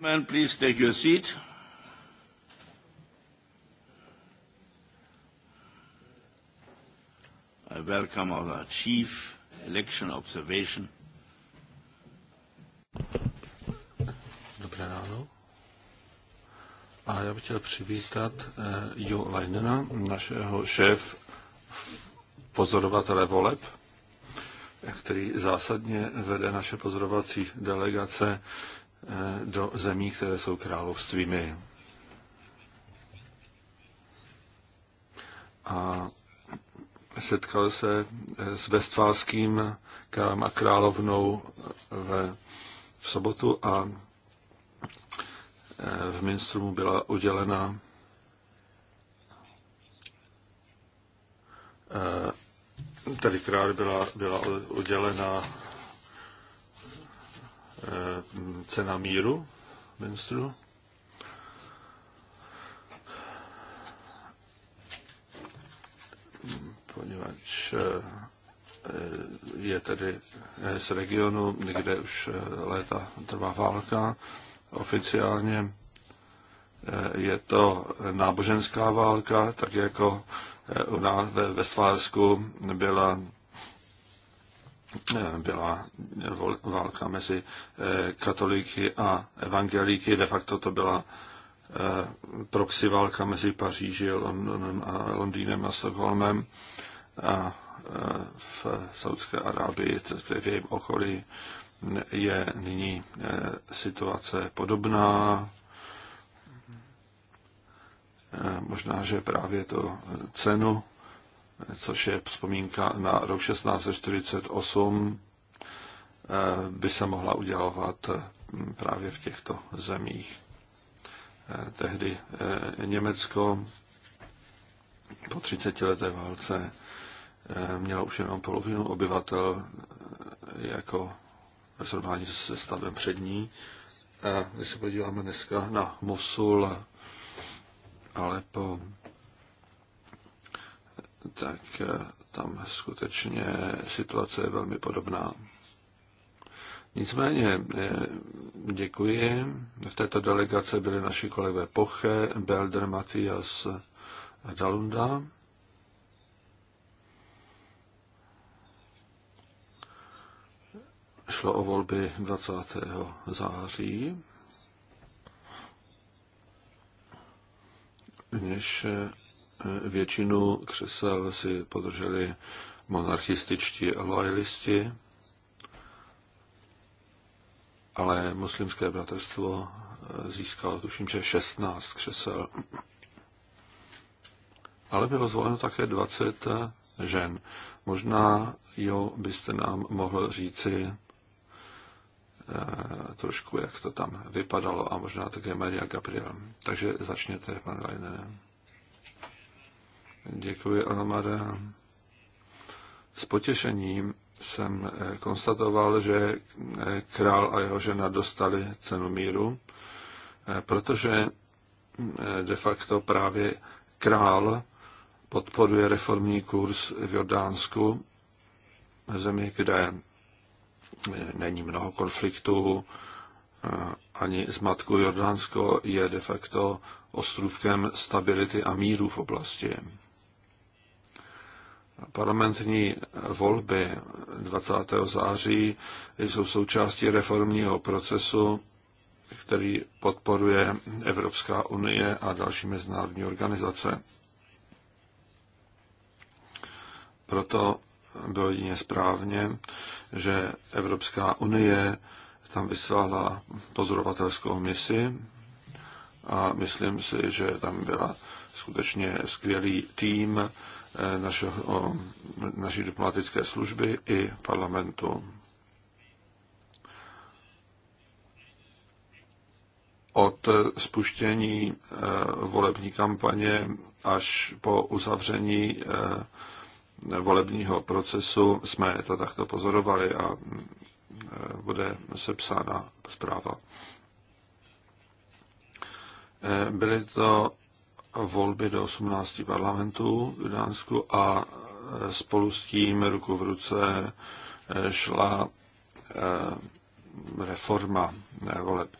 Man, please take your seat. I welcome our chief election observation. Dobré ráno. A já bych chtěl přivítat eh, Jo Leinena, našeho šéf pozorovatele voleb, který zásadně vede naše pozorovací delegace Eh, do zemí, které jsou královstvími. A setkal se eh, s vestfálským králem a královnou eh, v, v sobotu a v Minstru mu byla udělena tady král byla, byla udělena Eh, cena míru ministru. Poněvadž eh, je tedy z regionu, kde už eh, léta trvá válka. Oficiálně je to náboženská válka, tak jako u nás ve Svářsku byla byla válka mezi eh, katolíky a evangelíky. De facto to byla eh, proxy válka mezi Paříži Londonem a Londýnem a Stockholmem a eh, v Saudské Arábii, v jejím okolí, je nyní situace podobná. Možná, že právě to cenu což je vzpomínka na rok 1648, eh, by se mohla udělovat eh, právě v těchto zemích. Eh, tehdy Německo po 30 leté válce mělo už jenom polovinu obyvatel jako ve srovnání se stavem přední. A když se podíváme dneska na Mosul a Alepo, tak eh, tam skutečně situace je velmi podobná. Nicméně eh, děkuji. V této delegaci byli naši kolegové Poche, Belder, Matias a eh, Dalunda. Šlo o volby 20. září. Něž Eh, většinu křesel si podrželi monarchističtí loyalisti, ale muslimské bratrstvo eh, získalo tuším, že 16 křesel. Ale bylo zvoleno také 20 eh, žen. Možná, jo, byste nám mohl říci eh, trošku, jak to tam vypadalo a možná také Maria Gabriel. Takže začněte, pan Leinen. Děkuji, Almada. S potěšením jsem eh, konstatoval, že eh, král a jeho žena dostali cenu míru, eh, protože de facto právě král podporuje reformní kurz v Jordánsku, zemi, kde není mnoho konfliktů, ani zmatku. Jordánsko je de facto ostrůvkem stability a míru v oblasti. Parlamentní volby 20. září jsou součástí reformního procesu, který podporuje Evropská unie a další mezinárodní organizace. Proto bylo jedině správně, že Evropská unie tam vyslala pozorovatelskou misi a myslím si, že tam byla skutečně skvělý tým, Eh, našeho, naší diplomatické služby i parlamentu. Od spuštění eh, volební kampaně až po uzavření eh, volebního procesu jsme to takto pozorovali a bude sepsána zpráva. Byly to volby do 18 parlamentů v Dánsku a e, spolu s tím ruku v ruce e, šla e, reforma voleb.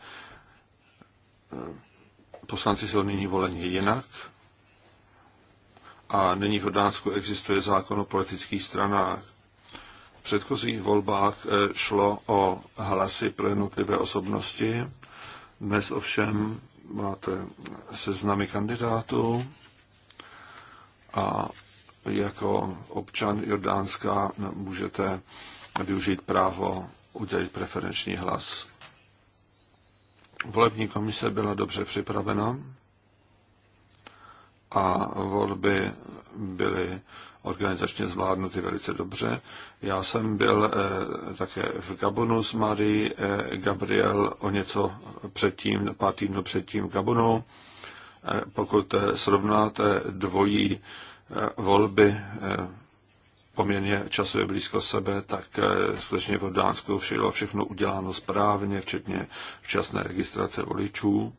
Poslanci jsou nyní voleni jinak a nyní v Dánsku existuje zákon o politických stranách. V předchozích volbách šlo o hlasy pro jednotlivé osobnosti, dnes ovšem máte seznamy kandidátů a jako občan Jordánska můžete využít právo udělit preferenční hlas. Volební komise byla dobře připravena a volby byly organizačně zvládnuty velice dobře. Já jsem byl eh, také v Gabonu s Marie eh, Gabriel o něco předtím, pár týdnů předtím v Gabonu. Eh, pokud srovnáte dvojí volby poměrně časově blízko sebe, tak skutečně v Dánsku bylo všechno uděláno správně, včetně včasné registrace voličů.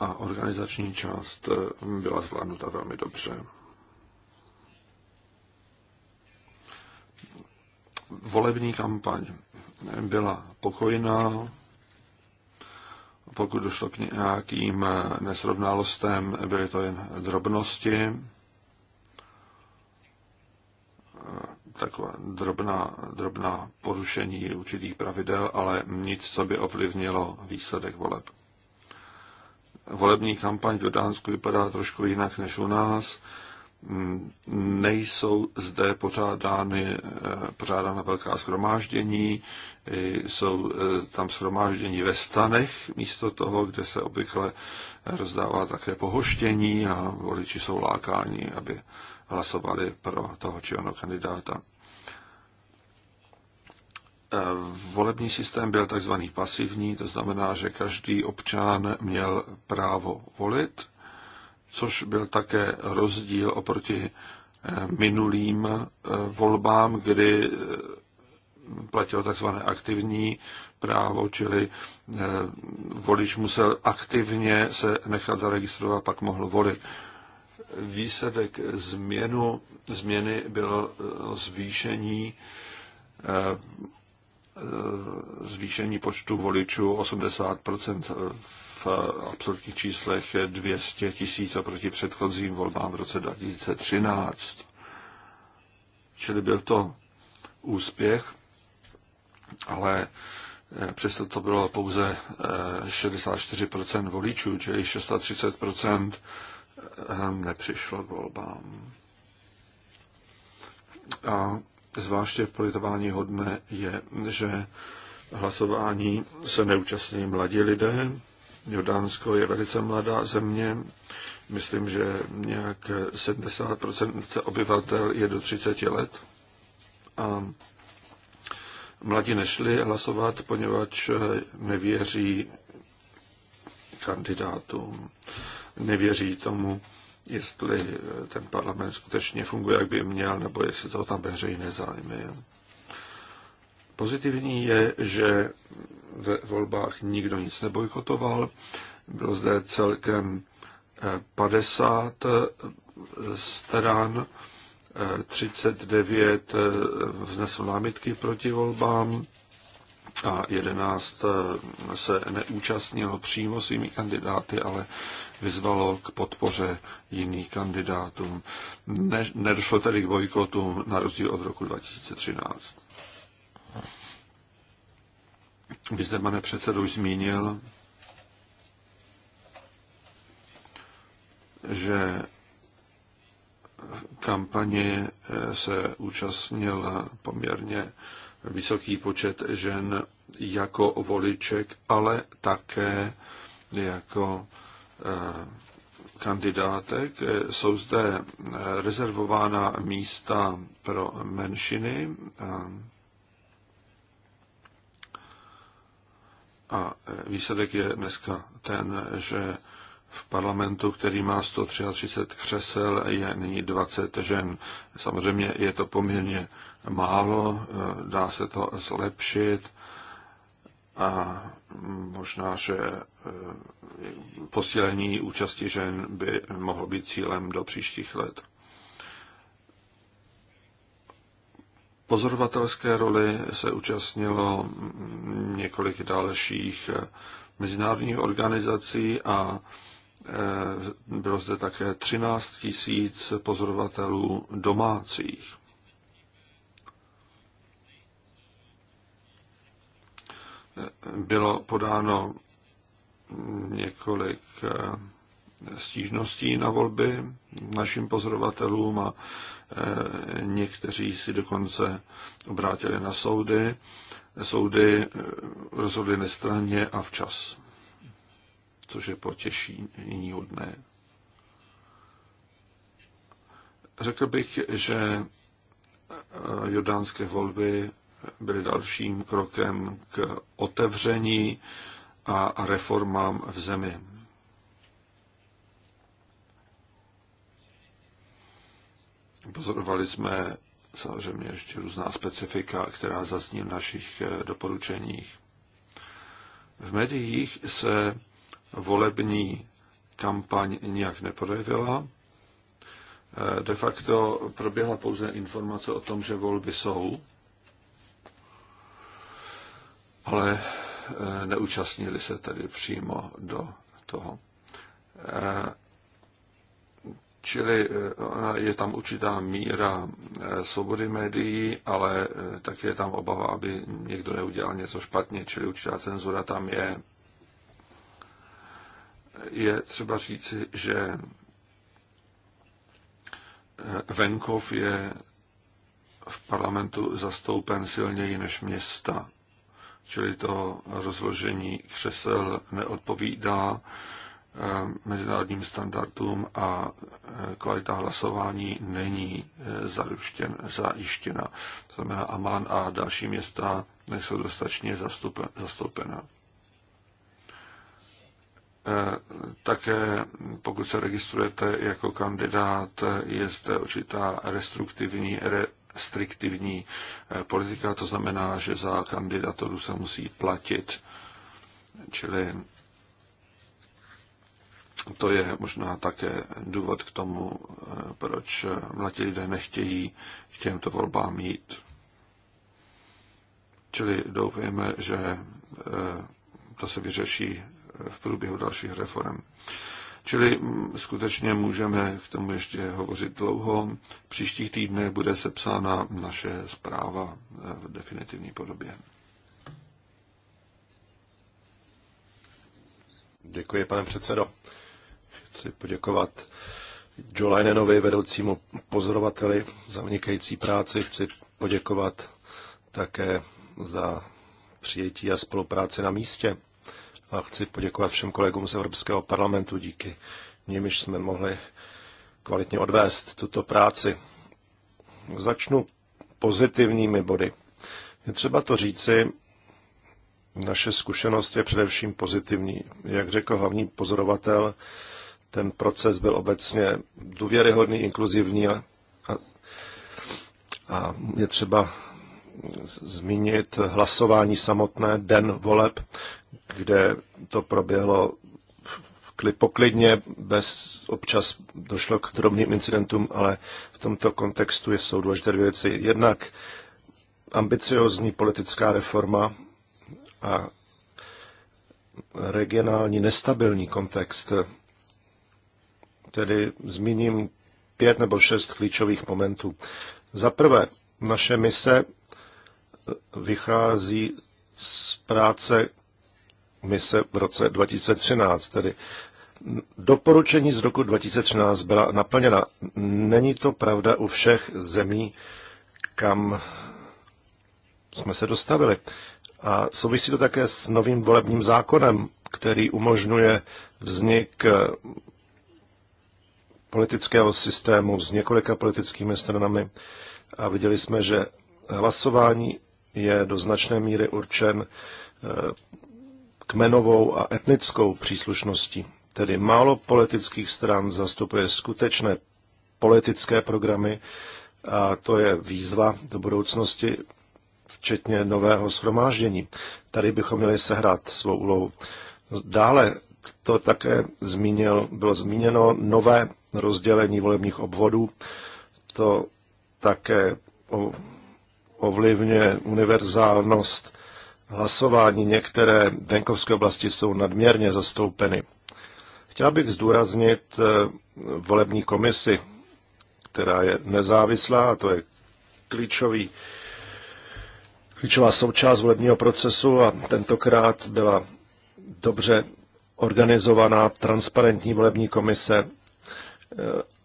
a organizační část eh, byla zvládnuta velmi dobře. Volební kampaň byla pokojná, pokud došlo k nějakým eh, nesrovnalostem, byly to jen drobnosti, eh, taková drobná, drobná porušení určitých pravidel, ale nic, co by ovlivnilo výsledek voleb volební kampaň v Jordánsku vypadá trošku jinak než u nás. Nejsou zde pořádány, eh, pořádána velká schromáždění, jsou eh, tam schromáždění ve stanech místo toho, kde se obvykle rozdává také pohoštění a voliči jsou lákáni, aby hlasovali pro toho či ono kandidáta. Eh, volební systém byl takzvaný pasivní, to znamená, že každý občan měl právo volit, což byl také rozdíl oproti eh, minulým eh, volbám, kdy platilo takzvané aktivní právo, čili volič musel aktivně se nechat zaregistrovat pak mohl volit. Výsledek změnu, změny bylo zvýšení Eh, zvýšení počtu voličů 80% eh, v absolutních číslech 200 tisíc oproti předchozím volbám v roce 2013. Čili byl to úspěch, ale eh, přesto to bylo pouze 64% voličů, čili 630% nepřišlo k volbám. A zvláště politování hodné je, že hlasování se neúčastní mladí lidé. Jordánsko je velice mladá země. Myslím, že nějak 70% obyvatel je do 30 let. A mladí nešli hlasovat, poněvadž nevěří kandidátům, nevěří tomu, jestli eh, ten parlament skutečně funguje, jak by měl, nebo jestli to tam veřejné zájmy. Pozitivní je, že ve volbách nikdo nic nebojkotoval. Bylo zde celkem 50 eh, eh, stran, 39 vznesl námitky proti volbám a 11 se neúčastnilo přímo svými kandidáty, ale vyzvalo k podpoře jiných kandidátům. Ne, nedošlo tedy k bojkotům na rozdíl od roku 2013. Vy zde, pane předsedu, už zmínil, že kampani eh, se účastnil poměrně vysoký počet žen jako voliček, ale také jako Eh, kandidátek. Jsou zde eh, rezervována místa pro menšiny eh, a výsledek je dneska ten, že v parlamentu, který má 133 křesel, je nyní 20 žen. Samozřejmě je to poměrně málo, dá se to zlepšit a možná, že eh, posílení účasti žen by mohlo být cílem do příštích let. Pozorovatelské roli se účastnilo několik dalších eh, mezinárodních organizací a eh, bylo zde také 13 tisíc pozorovatelů domácích. bylo podáno několik eh, stížností na volby našim pozorovatelům a eh, někteří si dokonce obrátili na soudy. Soudy eh, rozhodly nestranně a včas, což je nyní hodné. Řekl bych, že jordánské volby byly dalším krokem k otevření a reformám v zemi. Pozorovali jsme samozřejmě ještě různá specifika, která zazní v našich eh, doporučeních. V médiích se volební kampaň nijak neprojevila. Eh, de facto proběhla pouze informace o tom, že volby jsou ale eh, neúčastnili se tedy přímo do toho. Eh, čili eh, je tam určitá míra svobody médií, ale taky je tam obava, aby někdo neudělal něco špatně, čili určitá cenzura tam je. Je třeba říci, že venkov je v parlamentu zastoupen silněji než města čili to rozložení křesel neodpovídá eh, mezinárodním standardům a eh, kvalita hlasování není eh, zaruštěn, zajištěna. To znamená, Amán a další města nejsou dostatečně zastoupena. Také pokud se registrujete jako kandidát, je zde určitá restriktivní, re, striktivní eh, politika, to znamená, že za kandidaturu se musí platit, čili to je možná také důvod k tomu, eh, proč eh, mladí lidé nechtějí k těmto volbám jít. Čili doufujeme, že to se vyřeší v průběhu dalších reform. Čili mm, skutečně můžeme k tomu ještě hovořit dlouho. Příštích týdnech bude sepsána naše zpráva eh, v definitivní podobě. Děkuji, pane předsedo. Chci poděkovat Joe Linenovi, vedoucímu pozorovateli, za vynikající práci. Chci poděkovat také za přijetí a spolupráci na místě a chci poděkovat všem kolegům z Evropského parlamentu, díky nimiž jsme mohli kvalitně odvést tuto práci. Začnu pozitivními body. Je třeba to říci, naše zkušenost je především pozitivní. Jak řekl hlavní pozorovatel, ten proces byl obecně důvěryhodný, inkluzivní a, a, a je třeba zmínit hlasování samotné, den voleb, kde to proběhlo poklidně, bez občas došlo k drobným incidentům, ale v tomto kontextu jsou důležité dvě věci. Jednak ambiciozní politická reforma a regionální nestabilní kontext. Tedy zmíním pět nebo šest klíčových momentů. Za prvé, naše mise vychází z práce mise v roce 2013, tedy doporučení z roku 2013 byla naplněna. Není to pravda u všech zemí, kam jsme se dostavili. A souvisí to také s novým volebním zákonem, který umožňuje vznik politického systému s několika politickými stranami. A viděli jsme, že hlasování je do značné míry určen eh, kmenovou a etnickou příslušností. Tedy málo politických stran zastupuje skutečné politické programy a to je výzva do budoucnosti, včetně nového shromáždění. Tady bychom měli sehrát svou úlohu. Dále to také zmínil, bylo zmíněno nové rozdělení volebních obvodů. To také ovlivňuje univerzálnost hlasování některé venkovské oblasti jsou nadměrně zastoupeny. Chtěl bych zdůraznit eh, volební komisi, která je nezávislá, a to je klíčový, klíčová součást volebního procesu a tentokrát byla dobře organizovaná transparentní volební komise, eh,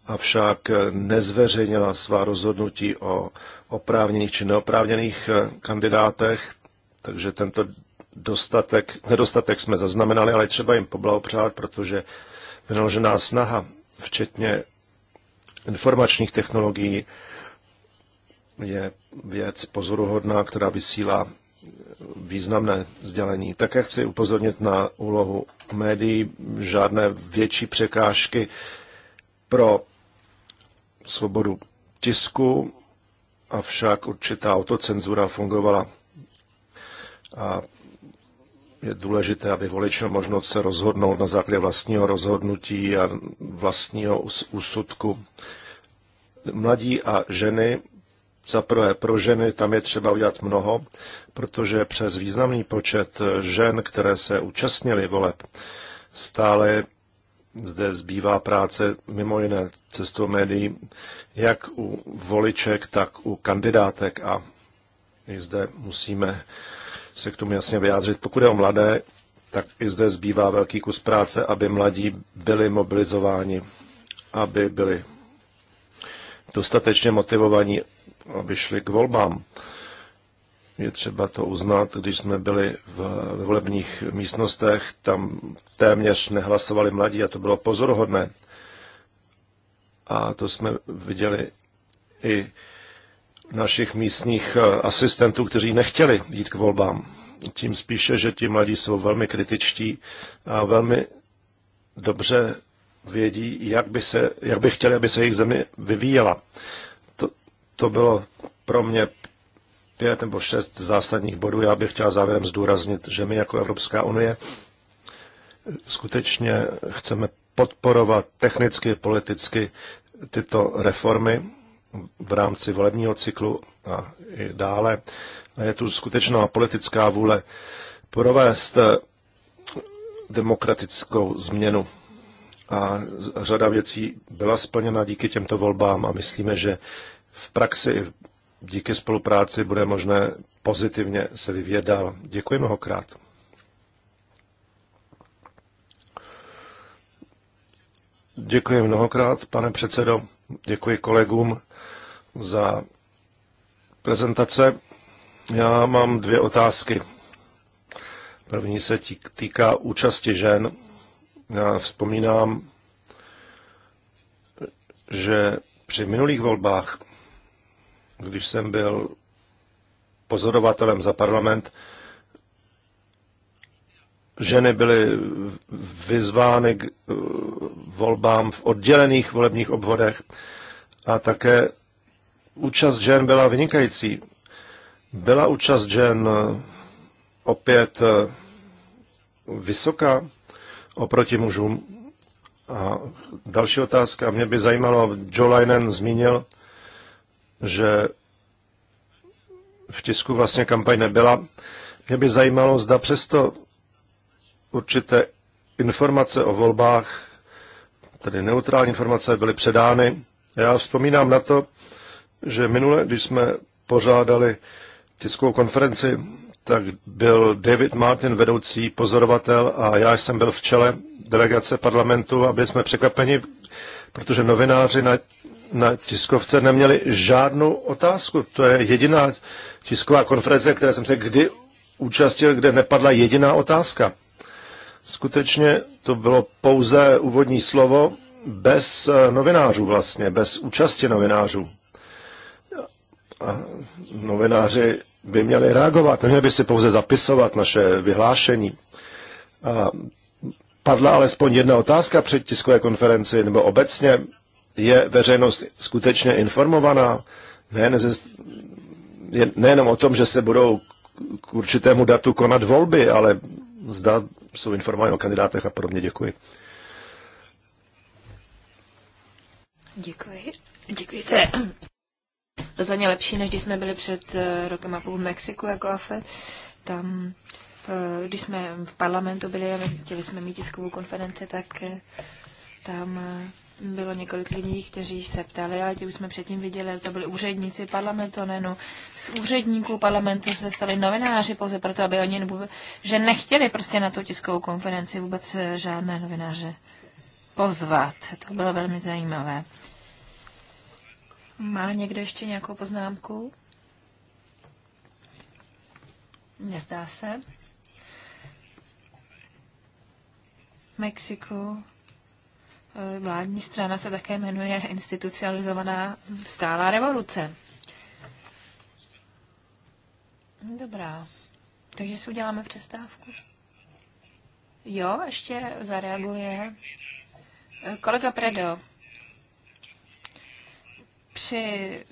avšak nezveřejnila svá rozhodnutí o oprávněných či neoprávněných eh, kandidátech takže tento dostatek, nedostatek jsme zaznamenali, ale třeba jim poblahopřát, protože vynaložená snaha, včetně informačních technologií, je věc pozoruhodná, která vysílá významné sdělení. Také chci upozornit na úlohu médií, žádné větší překážky pro svobodu tisku, avšak určitá autocenzura fungovala a je důležité, aby volič měl možnost se rozhodnout na základě vlastního rozhodnutí a vlastního úsudku. Mladí a ženy, za prvé pro ženy, tam je třeba udělat mnoho, protože přes významný počet žen, které se účastnily voleb, stále zde zbývá práce mimo jiné cestou médií, jak u voliček, tak u kandidátek a i zde musíme se k tomu jasně vyjádřit. Pokud je o mladé, tak i zde zbývá velký kus práce, aby mladí byli mobilizováni, aby byli dostatečně motivovaní, aby šli k volbám. Je třeba to uznat, když jsme byli v, ve volebních místnostech, tam téměř nehlasovali mladí a to bylo pozoruhodné. A to jsme viděli i našich místních eh, asistentů, kteří nechtěli jít k volbám. Tím spíše, že ti mladí jsou velmi kritičtí a velmi dobře vědí, jak by, se, jak by chtěli, aby se jejich země vyvíjela. To, to bylo pro mě pět nebo šest zásadních bodů. Já bych chtěl závěrem zdůraznit, že my jako Evropská unie skutečně chceme podporovat technicky, politicky tyto reformy v rámci volebního cyklu a i dále. A je tu skutečná politická vůle provést eh, demokratickou změnu. A řada věcí byla splněna díky těmto volbám a myslíme, že v praxi díky spolupráci bude možné pozitivně se vyvíjet dál. Děkuji mnohokrát. Děkuji mnohokrát, pane předsedo. Děkuji kolegům za prezentace. Já mám dvě otázky. První se týká účasti žen. Já vzpomínám, že při minulých volbách, když jsem byl pozorovatelem za parlament, ženy byly vyzvány k eh, volbám v oddělených volebních obvodech a také účast žen byla vynikající. Byla účast žen eh, opět eh, vysoká oproti mužům. A další otázka, mě by zajímalo, Joe Linen zmínil, že v tisku vlastně kampaň nebyla. Mě by zajímalo, zda přesto určité informace o volbách, tedy neutrální informace, byly předány. Já vzpomínám na to, že minule, když jsme pořádali tiskovou konferenci, tak byl David Martin vedoucí pozorovatel a já jsem byl v čele delegace parlamentu a byli jsme překvapeni, protože novináři na, na tiskovce neměli žádnou otázku. To je jediná tisková konference, které jsem se kdy účastil, kde nepadla jediná otázka. Skutečně to bylo pouze úvodní slovo bez eh, novinářů vlastně, bez účasti novinářů. A novináři by měli reagovat, neměli by si pouze zapisovat naše vyhlášení. A padla alespoň jedna otázka před tiskové konferenci, nebo obecně je veřejnost skutečně informovaná, nejen ze, nejenom o tom, že se budou k určitému datu konat volby, ale zda jsou informováni o kandidátech a podobně. Děkuji. Děkuji. Děkuji rozhodně lepší, než když jsme byli před eh, rokem a půl v Mexiku jako AFE. Tam, eh, když jsme v parlamentu byli a chtěli jsme mít tiskovou konferenci, tak eh, tam bylo několik lidí, kteří se ptali, ale ti už jsme předtím viděli, to byli úředníci parlamentu, ne, no, z úředníků parlamentu se stali novináři pouze proto, aby oni, nebo, že nechtěli prostě na tu tiskovou konferenci vůbec žádné novináře pozvat. To bylo velmi zajímavé. Má někdo ještě nějakou poznámku? Nezdá se. Mexiku eh, vládní strana se také jmenuje institucionalizovaná stálá revoluce. Dobrá. Takže si uděláme přestávku. Jo, ještě zareaguje eh, kolega Predo při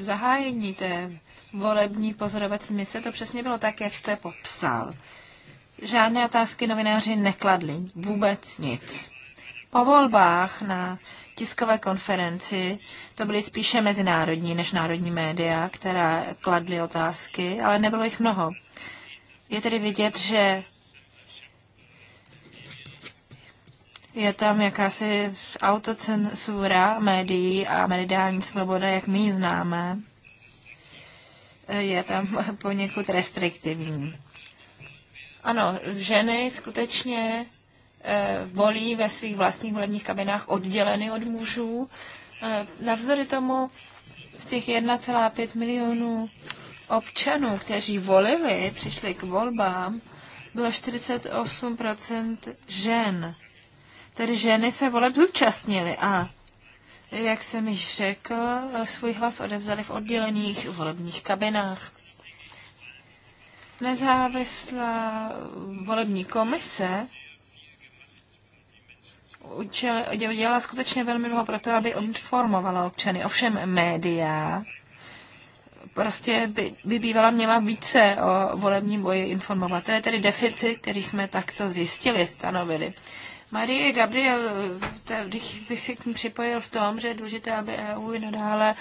zahájení té volební pozorovací mise to přesně bylo tak, jak jste popsal. Žádné otázky novináři nekladli, vůbec nic. Po volbách na tiskové konferenci to byly spíše mezinárodní než národní média, která kladly otázky, ale nebylo jich mnoho. Je tedy vidět, že je tam jakási autocensura médií a mediální svoboda, jak my ji známe, je tam poněkud restriktivní. Ano, ženy skutečně eh, volí ve svých vlastních volebních kabinách odděleny od mužů. Eh, Navzory tomu z těch 1,5 milionů občanů, kteří volili, přišli k volbám, bylo 48% žen tedy ženy se voleb zúčastnily a jak jsem již řekl, svůj hlas odevzali v oddělených volebních kabinách. Nezávislá volební komise udělala skutečně velmi mnoho pro to, aby informovala občany. Ovšem média prostě by, by bývala měla více o volebním boji informovat. To je tedy deficit, který jsme takto zjistili, stanovili. Marie Gabriel, bych, eh, bych si k ní připojil v tom, že je důležité, aby EU i nadále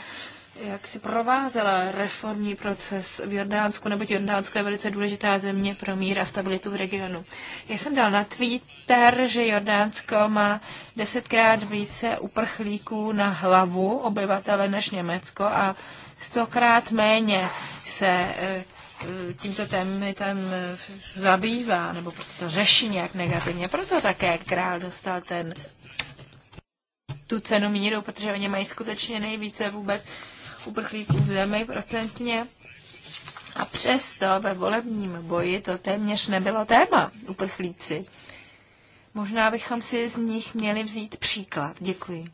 jak si provázela reformní proces v Jordánsku, neboť Jordánsko je velice důležitá země pro mír a stabilitu v regionu. Já jsem dal na Twitter, že Jordánsko má desetkrát více uprchlíků na hlavu obyvatele než Německo a stokrát méně se eh, Eh, tímto tématem eh, zabývá, nebo prostě to řeší nějak negativně. Proto také král dostal ten tu cenu míru, protože oni mají skutečně nejvíce vůbec uprchlíků v zemi procentně. A přesto ve volebním boji to téměř nebylo téma, uprchlíci. Možná bychom si z nich měli vzít příklad. Děkuji.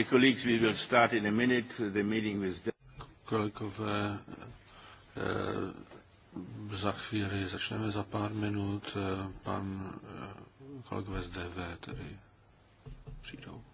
Dear colleagues, we will start in a minute the meeting with Kolegové, eh, za chvíli začneme za pár minut. Eh, pan eh, kolegové z DV tedy přijdou.